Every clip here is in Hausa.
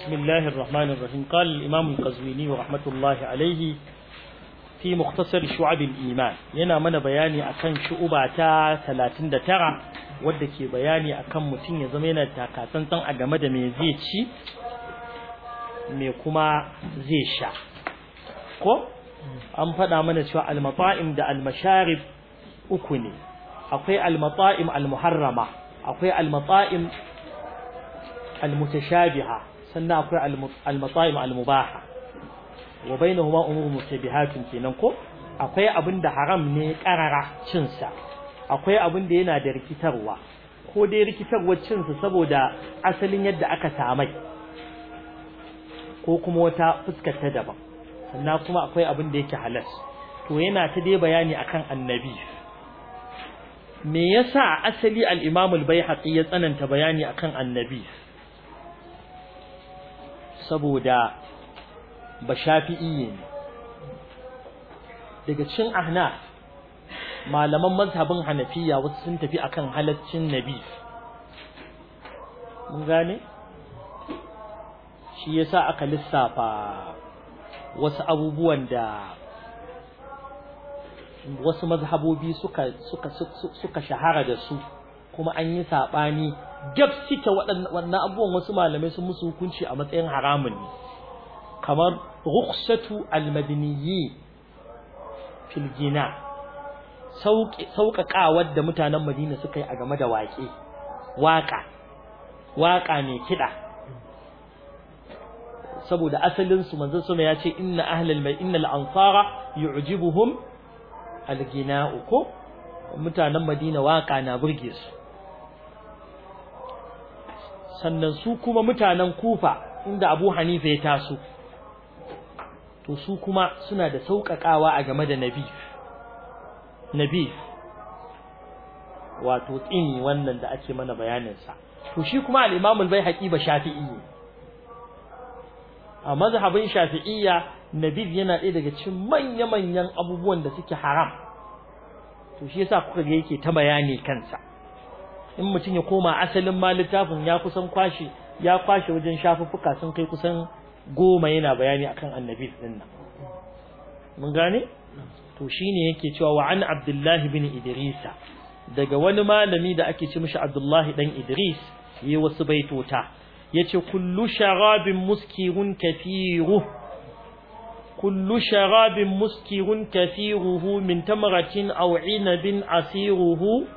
بسم الله الرحمن الرحيم قال الإمام القزويني ورحمة الله عليه في مختصر شعب الإيمان ينا من بياني أكن شعبة ثلاثين دترة wadda ke bayani akan mutum ya zama yana takatsantsan a game da me zai ci me kuma zai sha ko an faɗa mana cewa almata'im da almasharib uku ne akwai almata'im almuharrama akwai almata'im almutashabiha sannan akwai al-masayim al-mubaha wa bainahuma umurun mutabihatun kenan ko akwai abin da haram ne karara cin sa akwai abin da yana da rikitarwa ko dai rikitarwa cin sa saboda asalin yadda aka samai ko kuma wata fuskar ta daban sannan kuma akwai abin da yake halal to yana ta dai bayani akan annabi me yasa asali al-imam al bayhaqi ya tsananta bayani akan annabi saboda ba shafi'i ne daga cin ahna malaman mazhabin hanafiya wasu sun tafi akan halaccin nabi mun gane shi yasa aka lissafa wasu abubuwan da wasu mazhabobi suka shahara da su kuma an yi saɓani gab suke waɗannan abubuwan wasu malamai sun musu hukunci a matsayin haramun ne kamar rukhsatu almadiniyyi fil gina sauƙaƙawar da mutanen madina suka yi a game da waƙe waƙa waƙa mai kiɗa saboda asalin su manzon sama ya ce inna ahlal mai innal ansara yu'jibuhum al-gina'u ko mutanen madina waƙa na burge su sannan su kuma mutanen kufa inda abu hanifa ya taso to su kuma suna da sauƙaƙawa a game da nabi nabi wato tsini wannan da ake mana bayaninsa to shi kuma al'imamun bai haƙi ba shafi'i ne. a mazhabin shafi'iyya nabi yana ɗaya daga cikin manya-manyan abubuwan da suke haram to shi yasa kuka ga yake ta bayani kansa in mutum ya koma asalin ma littafin ya kusan kwashe ya kwashe wajen shafuffuka sun kai kusan goma yana bayani akan annabi din nan mun gane to shine yake cewa wa an abdullahi bin idris daga wani malami da ake ce mishi abdullahi dan idris yi wasu baitota yace kullu sharabin muskirun kathiru kullu sharabin muskirun kathiruhu min tamratin aw inabin asiruhu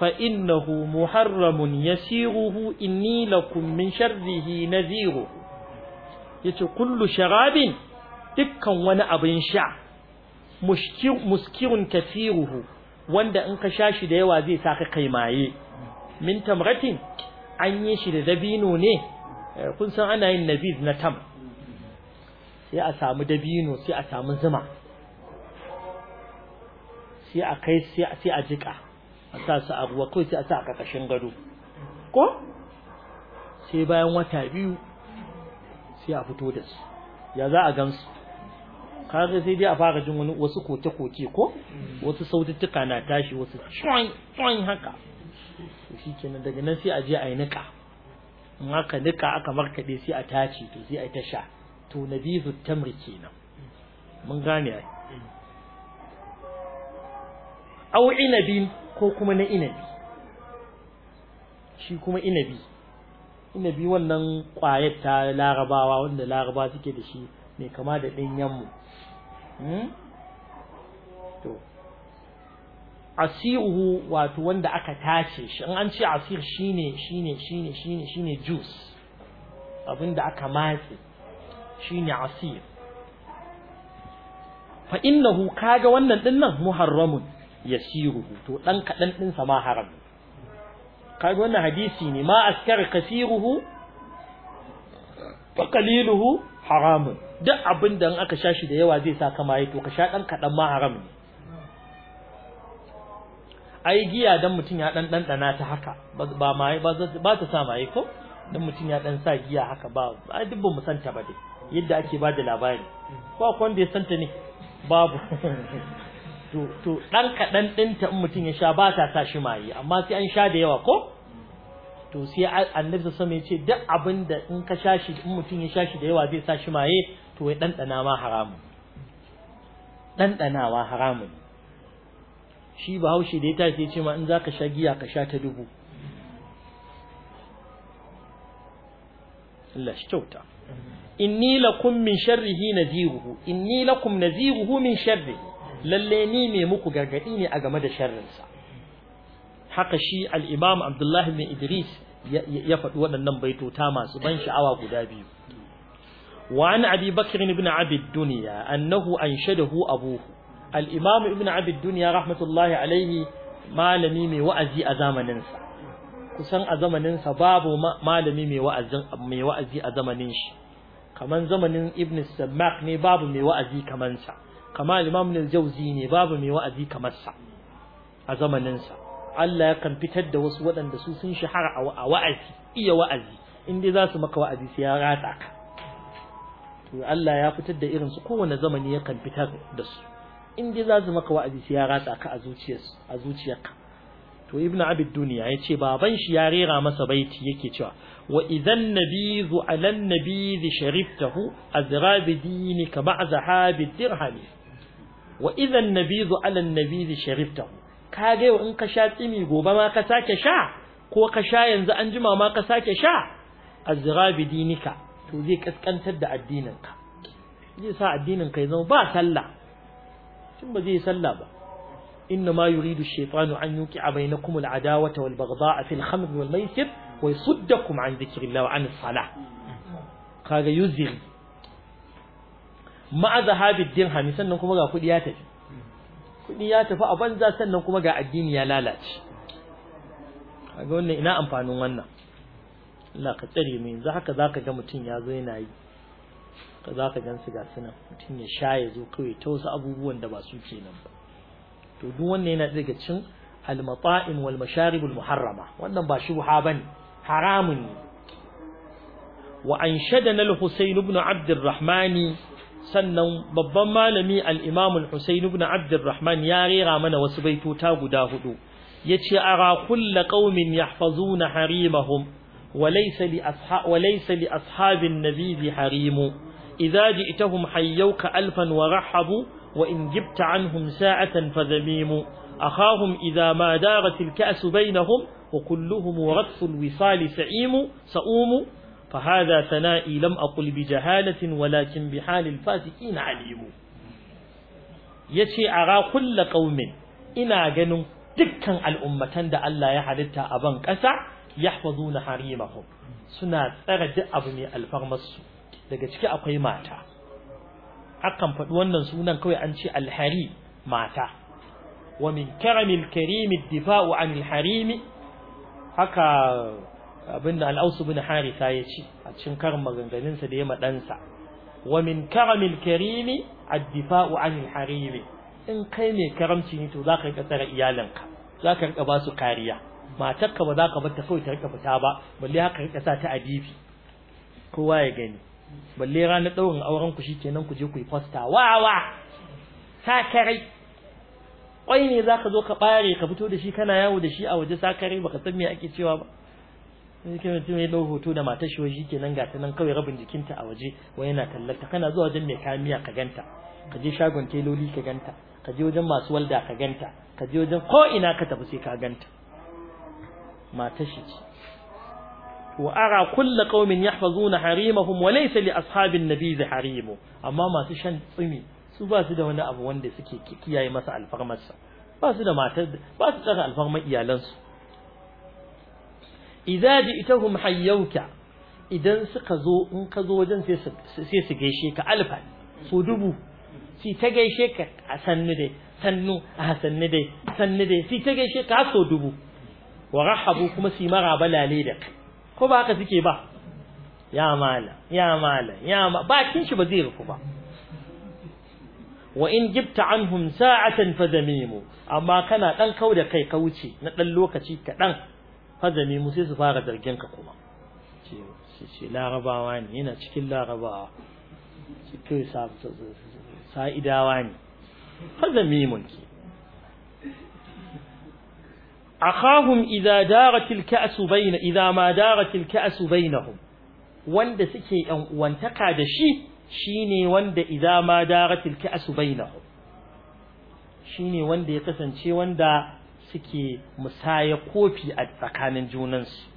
فإنه محرم يسيره إني لكم من شره نذير yace kullu sharabin dukkan wani abin sha muskirun kathiruhu wanda in ka sha shi da yawa zai saka kai maye min tamratin an yi shi da dabino ne eh, kun san ana yin nabiz na tam sai a samu dabino sai a samu zuma sai a kai sai a jiƙa. a sa su a ruwa kawai sai a sa a ƙarƙashin gado ko sai bayan wata biyu sai a fito da su ya za a gansu kaga sai dai a fara jin wani wasu koke-koke ko wasu saututtuka na tashi wasu tsoin haka shi kenan daga nan sai a je a yi niƙa in aka niƙa aka markaɗe sai a tace to sai a ta sha to ta tamri kenan mun gane ai au inabin ko kuma na inabi shi kuma inabi inabi wannan ƙwayar ta larabawa wanda laraba suke da shi mai kama da ɗanyenmu hmm? to asiruhu wato wanda aka tace shi in an ce asir shine shine shine shine shine juice abinda aka matse shine asir fa innahu kaga wannan dinnan muharramun yasiruhu to dan kadan din sa ma haram kai wannan hadisi ne ma askar kasiruhu fa qaliluhu haram duk abinda da aka sha shi da yawa zai sa kama yi to ka sha dan kadan ma haram ne ai giya dan mutun ya dan dan dana ta haka ba ma ba ba ta sa mai ko dan mutun ya dan sa giya haka ba ai duk mu santa ba dai yadda ake ba da labari ko akwai wanda ya santa ne babu to to dan kadan dinta in mutum ya sha ba ta sa shi maye amma sai an sha da yawa ko to sai annabi sallallahu ya ce duk abin da in ka sha shi in mutum ya sha shi da yawa zai sa shi maye to ya dandana ma haramun dandanawa haramun shi bahaushe da ya tashi ya ce ma in zaka sha giya ka sha ta dubu Allah shi kyauta inni lakum min sharrihi nadhiruhu inni lakum nadhiruhu min sharrihi lalle ni mai muku gargadi ne a game da sharrinsa haka shi al-imam abdullah idris ya faɗi waɗannan baitota masu ban sha'awa guda biyu وعن أبي بكر بن عبد الدنيا Annahu أنشده أبوه الإمام ابن عبد الدنيا رحمة الله malami mai wa'azi a zamaninsa kusan a zamaninsa babu malami mai wa'azi a zamanin shi kaman zamanin ibn samak ne babu mai wa'azi kamansa kama al-imam al-jawzi ne babu mai wa'azi kamar sa a zamanin sa Allah kan fitar da wasu waɗanda su sun shahara a wa'azi iya wa'azi in dai za su maka wa'azi sai ya ratsa ka to Allah ya fitar da irin su kowane zamani ya kan fitar da su in dai za su maka wa'azi sai ya ratsa ka a zuciyarsu a zuciyarka to Ibn abid duniya yace baban shi ya rera masa baiti yake cewa wa idan nabizu ala nabizi shariftahu azra bi dinika ma'a zahabi dirhami وإذا النبيذ على النبيذ شربته كاجي وإن كشات إمي جوبا ما كساك شاع كو كشا ينز أنجما ما كساك شاع الزغاب دينك توديك أسكن تدع دينك دي ساعة دينك إذا ما سلا ثم دي سلا إنما يريد الشيطان أن يوقع بينكم العداوة والبغضاء في الخمر والميسر ويصدكم عن ذكر الله وعن الصلاة كاجي يزغي ma'a din Hami, sannan kuma ga kuɗi ya tafi kuɗi ya tafi a banza sannan kuma ga addini ya lalace kaga wannan ina amfanin wannan Allah ka tsare mu yanzu haka zaka ga mutum ya zo yana yi ka zaka gan su ga sunan mutum ya sha ya zo kawai ta wasu abubuwan da ba su kenan ba to duk wannan yana daga cin al-mata'im wal masharib al muharrama wannan ba shubha bane haramun ne wa anshadana al-husayn ibn abd al-rahmani sannan babban malami imamul husaini ibn Abdurrahman ya rera mana wasu baituta guda hudu, ya Ara kulla ƙaumin ya fazo na harimahun, walaisa li ashabin nabizi harimu, iza ji ita hum hayyauka alfan wa rahabu wa ingibta gifta an hum sa’atan fazamimu, a kahun iza ma dara tilka su bainahun, wa kulluhum wa ratsul wisali sa’imu, sa’umu, فهذا ثنائي لم أقل بجهالة ولكن بحال الفاسقين عليم يتي أرى كل قوم إنا جنو دكا الأمتان دا الله يحدثها أبان كسع يحفظون حريمهم سنة أرد أبني الفرمس لكي أقوي ماتا أقام فتوانا سنة كوي أنشي الحريم ماتا ومن كرم الكريم الدفاع عن الحريم haka abinda al'ausu bin harisa ya ce a cikin karin maganganunsa da ya maɗansa wa min karamil karimi addifa'u anil harimi in kai mai karamci ne to za ka rika tsare iyalanka za ka rika ba su kariya matarka ba za ka bar ta kawai ta rika fita ba balle haka rika sa ta a kowa ya gani balle ranar ɗaurin auren ku shikenan ku je ku yi fasta wawa karai kwai ne za ka zo ka ɓare ka fito da shi kana yawo da shi a waje sakarai baka san me ake cewa ba sai kai mutum ya dau hoto da matar shi kenan ga nan kawai rabin jikinta a waje wai yana tallata kana zuwa wajen mai kamiya ka ganta ka je shagon teloli ka ganta ka je wajen masu walda ka ganta ka je wajen ko ina ka tafi sai ka ganta matar shi ce wa ara kullu qaumin yahfazuna harimahum wa laysa li ashabin nabiz harimu amma masu shan tsumi su ba su da wani abu wanda suke kiyaye masa alfarmarsa ba su da matar ba su tsara alfarmar iyalansu idza ji'tahum hayyuka idan suka zo in ka zo wajen sai su gaishe ka alfa su dubu si ta gaishe ka a sannu dai sannu a sannu dai sannu dai si ta gaishe ka so dubu wa rahabu kuma si mara balale da kai ko ba haka suke ba ya ya ya bakin shi ba zai rufu ba wa in gibta anhum sa'atan fa damimu amma kana dan kau da kai ka wuce na ɗan lokaci kaɗan fazami mu sai su fara zargin ka kuma ce ce larabawa ne yana cikin larabawa ce kai idawa ne fazami mun ke akhahum idza daratil ka'su bayna idza ma daratil ka'su bainahum wanda suke yan uwantaka da shi shine wanda idza ma daratil ka'su bainahum shine wanda ya kasance wanda suke musaya kofi a tsakanin junansu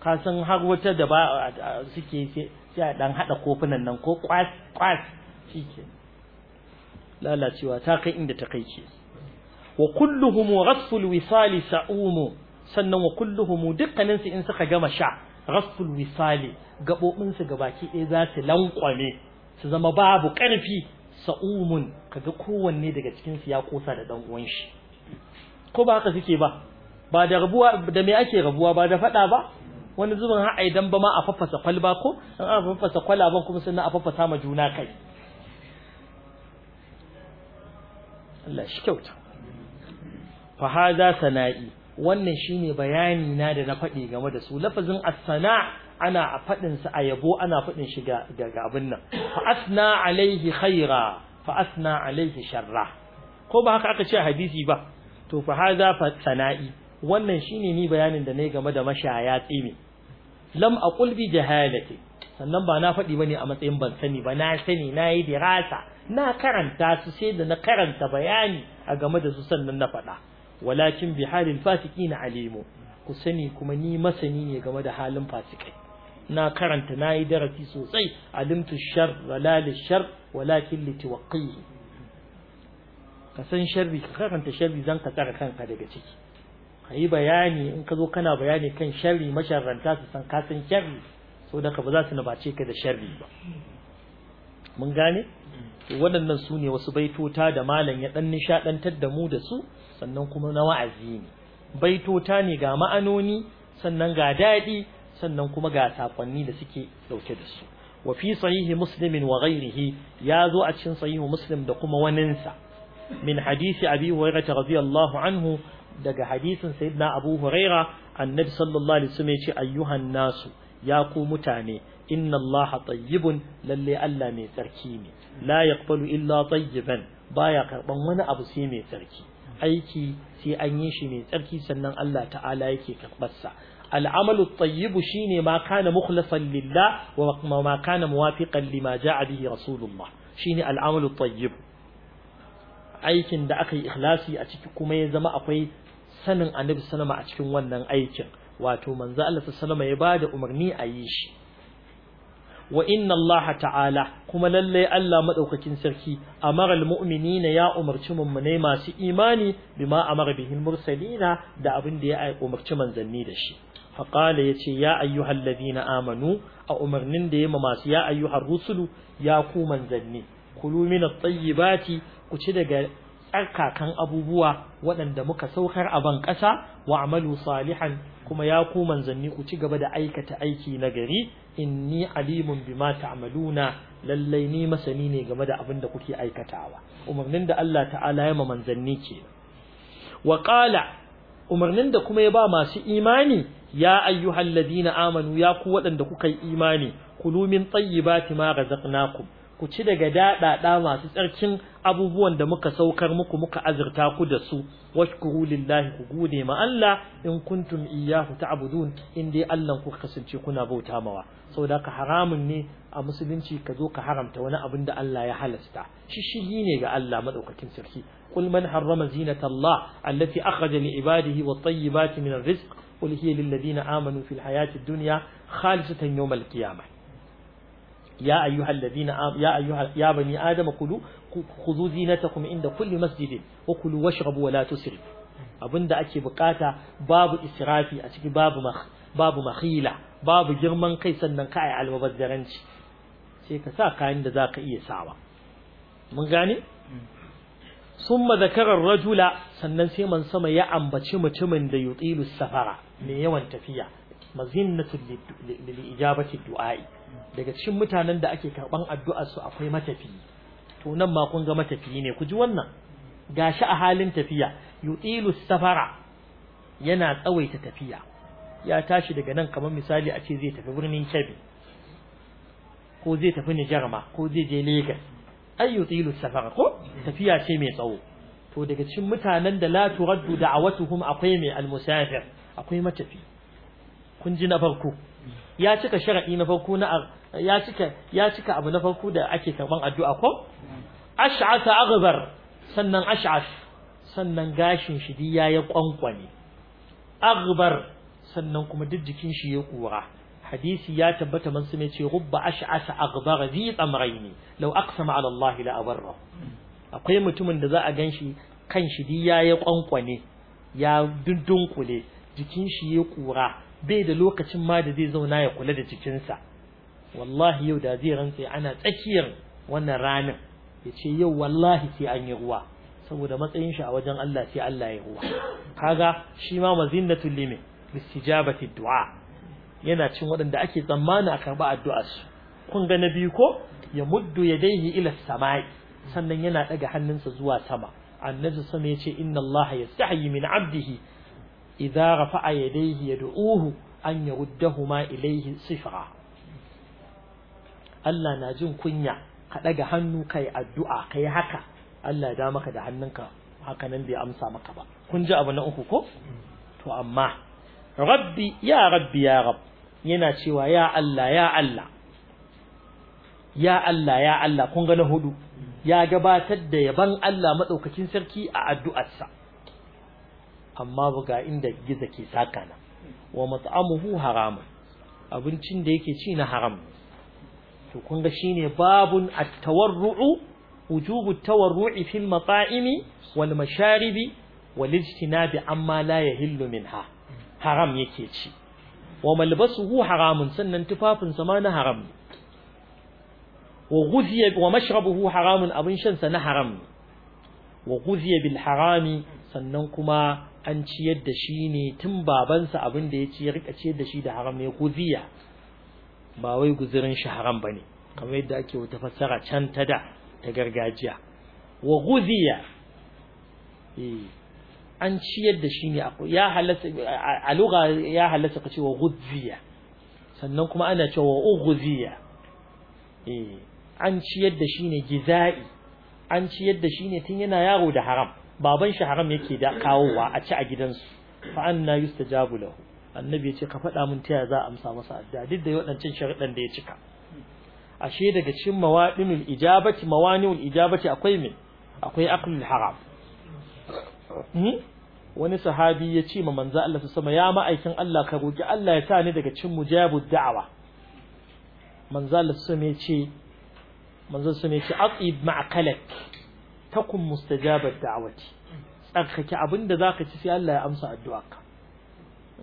kasan har wata da ba suke sai a dan hada kofunan nan ko kwas kwas shike lalacewa ta kai inda ta kai ke wa kulluhum ghasful wisali sa'umu sannan wa kulluhum dukkanin su in suka gama sha ghasful wisali gabobin su gabaki ɗaya za su lankwame su zama babu ƙarfi, sa'umun kaga kowanne daga cikin su ya kosa da dan uwan shi ko ba haka suke ba ba da rabuwa da me ake rabuwa ba da fada ba wani zubin har ai dan ba ma a faffasa kwalba ko an a faffasa kwalaban kuma sannan a faffasa ma juna kai Allah shi kyauta fa hada sana'i wannan shine bayani na da na faɗi game da su lafazin as-sana' ana faɗin sa a yabo ana faɗin shi ga abin nan fa asna alaihi khaira fa asna alaihi sharra ko ba haka aka ce hadisi ba to fa hadha fa sana'i wannan shine ni bayanin da nayi game da mashaya tsimi lam aqul bi jahalati sannan ba na faɗi bane a matsayin ban sani ba na sani na yi dirasa na karanta su sai da na karanta bayani a game da su sannan na faɗa walakin bi halil na alimu ku sani kuma ni masani ne game da halin fasikai na karanta na yi darasi sosai alimtu shar walal shar walakin litiwaqihi ka san sharri ka karanta sharri zan ka tsara kanka daga ciki ka yi bayani in ka zo kana bayani kan sharri masharranta su san ka san sharri so da ka ba za su nabace ka da sharri ba mun gane waɗannan su ne wasu baitota da malam ya ɗan nishaɗantar da mu da su sannan kuma na wa'azi ne baitota ne ga ma'anoni sannan ga daɗi sannan kuma ga sakonni da suke ɗauke da su wa fi sahihi muslimin wa ghairihi ya zo a cikin sahihu muslim da kuma waninsa min hadisi abi hurairah radiyallahu anhu daga hadisin sayyidina abu huraira annabi sallallahu alaihi wasallam yace ayyuhan nasu ya ku mutane inna allaha tayyibun lalle Allah mai tsarki ne la yaqbalu illa tayyiban baya karban wani abu sai mai tsarki aiki sai an yi shi mai tsarki sannan Allah ta'ala yake karbarsa al'amalu tayyibu shine ma kana mukhlasan lillah wa ma kana muwafiqan lima ja'a bihi rasulullah shine al'amalu tayyibu aikin da aka yi ikhlasi a ciki kuma ya zama akwai sanin annabi sallama a cikin wannan aikin wato manzo Allah sallama ya bada umarni a yi shi wa inna Allah ta'ala kuma lalle Allah madaukakin sarki amara almu'minina ya umarci mummunai masu imani bima amara bihil mursalina da abin da ya umarci manzanni da shi faƙala ya ce ya ayyuhal ladina amanu a umarnin da ya ma masu ya ayyuhar rusulu ya ku manzanni kulu min at-tayyibati kuci daga tsarkakan abubuwa waɗanda muka saukar a ban ƙasa wa amalu salihan kuma ya ku manzanni ku ci gaba da aikata aiki na gari inni alimun bima ta'maluna lallai ni masani ne game da abin da kuke aikatawa umarnin da Allah ta'ala ya ma manzanni ke wa qala umarnin da kuma ya ba masu imani ya ayyuhalladhina amanu ya ku waɗanda kuka yi imani kulumin min tayyibati ma razaqnakum ku ci daga daɗaɗa masu tsarkin abubuwan da muka saukar muku muka azurta ku da su washkuru lillahi ku gode ma Allah in kuntum iyyahu ta'budun in dai Allah ku kasance kuna bauta mawa saboda ka haramun ne a musulunci ka zo ka haramta wani abin da Allah ya halasta shishigi ne ga Allah madaukakin sarki قل من حرم زينة الله التي أخرج لعباده والطيبات من الرزق قل هي للذين آمنوا في الحياة الدنيا خالصة يوم القيامة يا أيها الذين آم يا أيها يا بني آدم كلوا خذوا زينتكم عند كل مسجد وكلوا واشربوا ولا تسرفوا abinda ake bukata babu israfi a ciki babu babu makhila babu girman kai sannan ka ai almubazzaranci sai ka sa kayan da zaka iya sawa mun gane summa zakara rajula sannan sai man sama ya ambaci mutumin da yutilu safara mai yawan tafiya mazinnatul lil ijabati du'a'i daga cikin mutanen da ake karban addu'ar su akwai matafi? to nan ma kun ga matafiyi ne ku ji wannan gashi a halin tafiya yutilu safara yana tsawaita tafiya ya tashi daga nan kamar misali a ce zai tafi birnin Kebbi ko zai tafi Nijar ma ko zai je Lagos ay yutilu safara ko tafiya ce mai tsawo to daga cikin mutanen da la turaddu da'awatuhum akwai mai almusafir akwai matafi kun ji na farko ya cika shar'i na farko na ya cika ya cika abu na farko da ake karban addu'a ko ash'as aghbar sannan ash'as sannan gashin shi duk yayi kwankwane aghbar sannan kuma duk jikin shi ya kura hadisi ya tabbata man sume ce rubba ash'as aghbar zi tsamraini law aqsama ala Allah la abarra akwai mutumin da za a ganshi kan shi duk yayi kwankwane ya dundunkule jikin shi ya kura bai da lokacin ma da zai zauna ya kula da cikinsa wallahi yau da zai rantse ana tsakiyar wannan ranar ya ce yau wallahi sai an yi ruwa saboda matsayin shi a wajen Allah sai Allah ya ruwa kaga shi ma mazinnatul Mr listijabati du'a yana cin waɗanda ake tsammani a karɓa addu'ar su kun ga na biyu ko ya muddu ya yadayhi ila samai sannan yana daga hannunsa zuwa sama annabi sama ce inna Allah yastahi min abdihi idza rafa'a yadayhi yad'uhu an ma ilayhi sifra Allah na jin kunya ka daga hannu kai addu'a kai haka Allah da maka da hannunka haka nan bai amsa maka ba kun ji abu na uku ko to amma rabbi ya rabbi ya rab yana cewa ya Allah ya Allah ya Allah ya Allah kun ga na hudu ya gabatar da yaban Allah madaukakin sarki a addu'arsa amma buga inda giza ke saka na wa mat'amuhu haramun abincin da yake ci na haram to kun ga shine babun at-tawarru'u wujubu at-tawarru'i fil mata'imi wal masharibi wal ijtinabi amma la yahillu minha haram yake ci wa malbasuhu haramun sannan tufafin sa ma na haram wa ghuziya wa mashrabuhu haramun abin shan sa na haram wa ghuziya bil harami sannan kuma an ciyar da shi ne tun babansa abin da ya ci ya rika ciyar da shi da haram ya guziya ba wai guzurin shi haram ba ne kamar yadda ake wata fassara can ta da ta gargajiya wa guziya eh, an ciyar da shi ne ya halasta a lugha ya halasta ka ce wa guziya sannan kuma ana cewa wa uguziya eh, an ciyar da shi ne giza'i an ciyar da shi ne tun yana yaro da haram baban shi haram yake da kawowa a ci a gidansu fa anna yustajabu lahu annabi ya ce ka faɗa mun taya za a amsa masa addu'a duk da waɗancan sharuɗan da ya cika ashe daga cikin mawadinul ijabati mawaniul ijabati akwai me akwai aqlul haram hmm? wani sahabi ya ce ma manzo Allah sama ya ma'aikin Allah ka roki Allah ya sa ni daga cikin mujabud da'awa manzo Allah sama ya ce manzo sama ya ce aqib ma'akalak takun mustajabar da'awati tsarkake abin da zaka ci sai Allah ya amsa addu'arka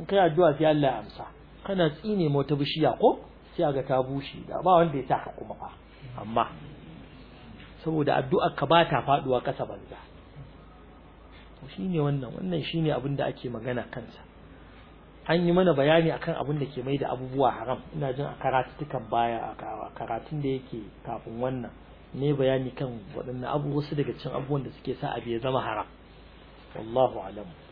in kai addu'a sai Allah ya amsa kana tsine mota wata bishiya ko sai ga ta bushe da ba wanda ya taka kuma fa amma saboda addu'ar ka ba ta faduwa ƙasa banza to shine wannan wannan shine abin da ake magana kansa an yi mana bayani akan abin da ke mai da abubuwa haram ina jin a karatutukan baya a karatun da yake kafin wannan ne bayani kan waɗannan abu wasu daga cikin abubuwan da suke sa abu ya zama haram wallahu alam